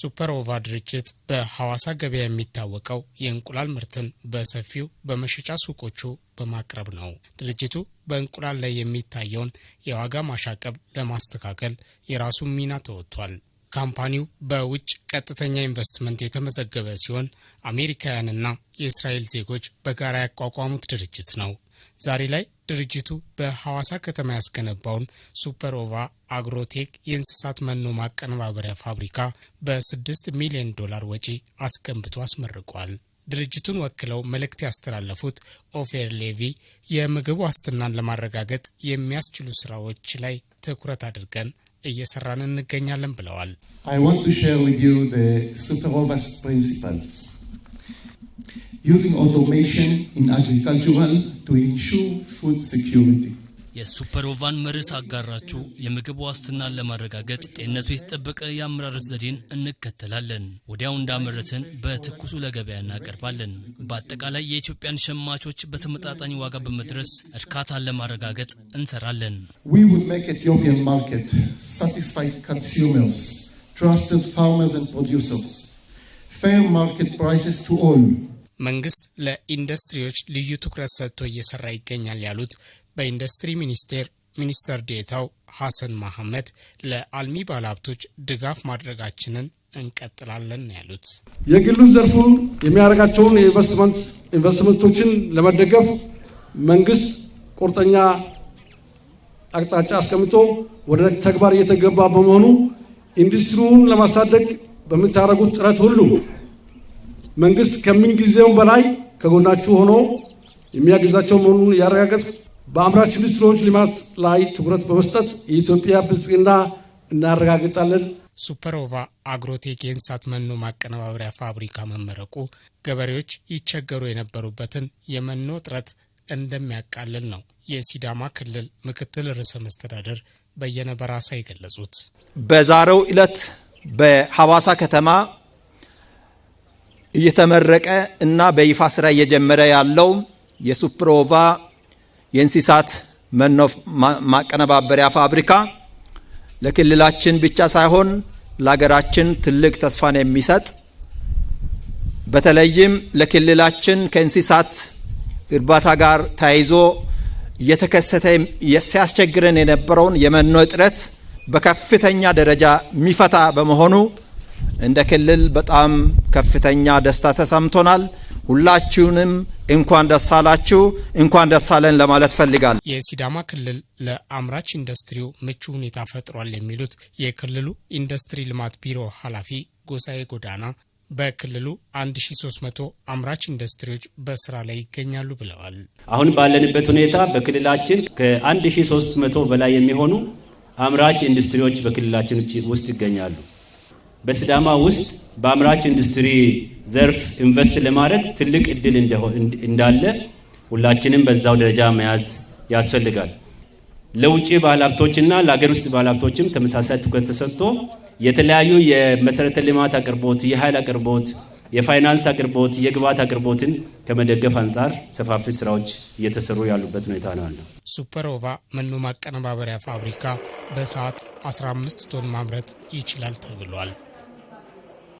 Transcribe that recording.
ሱፐርኦቫ ድርጅት በሐዋሳ ገበያ የሚታወቀው የእንቁላል ምርትን በሰፊው በመሸጫ ሱቆቹ በማቅረብ ነው። ድርጅቱ በእንቁላል ላይ የሚታየውን የዋጋ ማሻቀብ ለማስተካከል የራሱን ሚና ተወጥቷል። ካምፓኒው በውጭ ቀጥተኛ ኢንቨስትመንት የተመዘገበ ሲሆን አሜሪካውያንና የእስራኤል ዜጎች በጋራ ያቋቋሙት ድርጅት ነው። ዛሬ ላይ ድርጅቱ በሐዋሳ ከተማ ያስገነባውን ሱፐርኦቫ አግሮቴክ የእንስሳት መኖ ማቀነባበሪያ ፋብሪካ በስድስት ሚሊዮን ዶላር ወጪ አስገንብቶ አስመርቋል። ድርጅቱን ወክለው መልእክት ያስተላለፉት ኦፌር ሌቪ የምግብ ዋስትናን ለማረጋገጥ የሚያስችሉ ስራዎች ላይ ትኩረት አድርገን እየሰራን እንገኛለን ብለዋል። using automation in agricultural to ensure food security. የሱፐሮቫን መርስ አጋራችሁ የምግብ ዋስትናን ለማረጋገጥ ጤንነቱ የተጠበቀ የአመራረት ዘዴን እንከተላለን። ወዲያው እንዳመረትን በትኩሱ ለገበያ እናቀርባለን። በአጠቃላይ የኢትዮጵያን ሸማቾች በተመጣጣኝ ዋጋ በመድረስ እርካታን ለማረጋገጥ እንሰራለን። ፌር ማርኬት ፕራይስስ ቱ ኦል መንግስት ለኢንዱስትሪዎች ልዩ ትኩረት ሰጥቶ እየሰራ ይገኛል ያሉት በኢንዱስትሪ ሚኒስቴር ሚኒስተር ዴታው ሐሰን መሐመድ ለአልሚ ባለሀብቶች ድጋፍ ማድረጋችንን እንቀጥላለን ያሉት የግሉን ዘርፉ የሚያደርጋቸውን ኢንቨስትመንቶችን ለመደገፍ መንግስት ቁርጠኛ አቅጣጫ አስቀምጦ ወደ ተግባር እየተገባ በመሆኑ ኢንዱስትሪውን ለማሳደግ በምታደርጉት ጥረት ሁሉ መንግስት ከምን በላይ ከጎናችሁ ሆኖ የሚያግዛቸው መሆኑን ያረጋገጥ በአምራች ኢንዱስትሪዎች ልማት ላይ ትኩረት በመስጠት የኢትዮጵያ ብልጽግና እናረጋግጣለን። ሱፐሮቫ አግሮቴክ የእንስሳት መኖ ማቀነባበሪያ ፋብሪካ መመረቁ ገበሬዎች ይቸገሩ የነበሩበትን የመኖ እጥረት እንደሚያቃልል ነው የሲዳማ ክልል ምክትል ርዕሰ መስተዳደር በየነ በራሳ የገለጹት። በዛሬው ዕለት በሐዋሳ ከተማ እየተመረቀ እና በይፋ ስራ እየጀመረ ያለው የሱፕሮቫ የእንስሳት መኖ ማቀነባበሪያ ፋብሪካ ለክልላችን ብቻ ሳይሆን ለሀገራችን ትልቅ ተስፋን የሚሰጥ በተለይም ለክልላችን ከእንስሳት እርባታ ጋር ተያይዞ እየተከሰተ ሲያስቸግረን የነበረውን የመኖ እጥረት በከፍተኛ ደረጃ የሚፈታ በመሆኑ እንደ ክልል በጣም ከፍተኛ ደስታ ተሰምቶናል። ሁላችሁንም እንኳን ደስ አላችሁ፣ እንኳን ደስ አለን ለማለት ፈልጋል። የሲዳማ ክልል ለአምራች ኢንዱስትሪው ምቹ ሁኔታ ፈጥሯል የሚሉት የክልሉ ኢንዱስትሪ ልማት ቢሮ ኃላፊ ጎሳዬ ጎዳና በክልሉ 1300 አምራች ኢንዱስትሪዎች በስራ ላይ ይገኛሉ ብለዋል። አሁን ባለንበት ሁኔታ በክልላችን ከ1300 በላይ የሚሆኑ አምራች ኢንዱስትሪዎች በክልላችን ውስጥ ይገኛሉ። በሲዳማ ውስጥ በአምራች ኢንዱስትሪ ዘርፍ ኢንቨስት ለማድረግ ትልቅ እድል እንዳለ ሁላችንም በዛው ደረጃ መያዝ ያስፈልጋል። ለውጭ ባለሀብቶችና ለሀገር ውስጥ ባለሀብቶችም ተመሳሳይ ትኩረት ተሰጥቶ የተለያዩ የመሰረተ ልማት አቅርቦት፣ የኃይል አቅርቦት፣ የፋይናንስ አቅርቦት፣ የግብዓት አቅርቦትን ከመደገፍ አንጻር ሰፋፊ ስራዎች እየተሰሩ ያሉበት ሁኔታ ነው ያለው። ሱፐርኦቫ መኖ ማቀነባበሪያ ፋብሪካ በሰዓት 15 ቶን ማምረት ይችላል ተብሏል።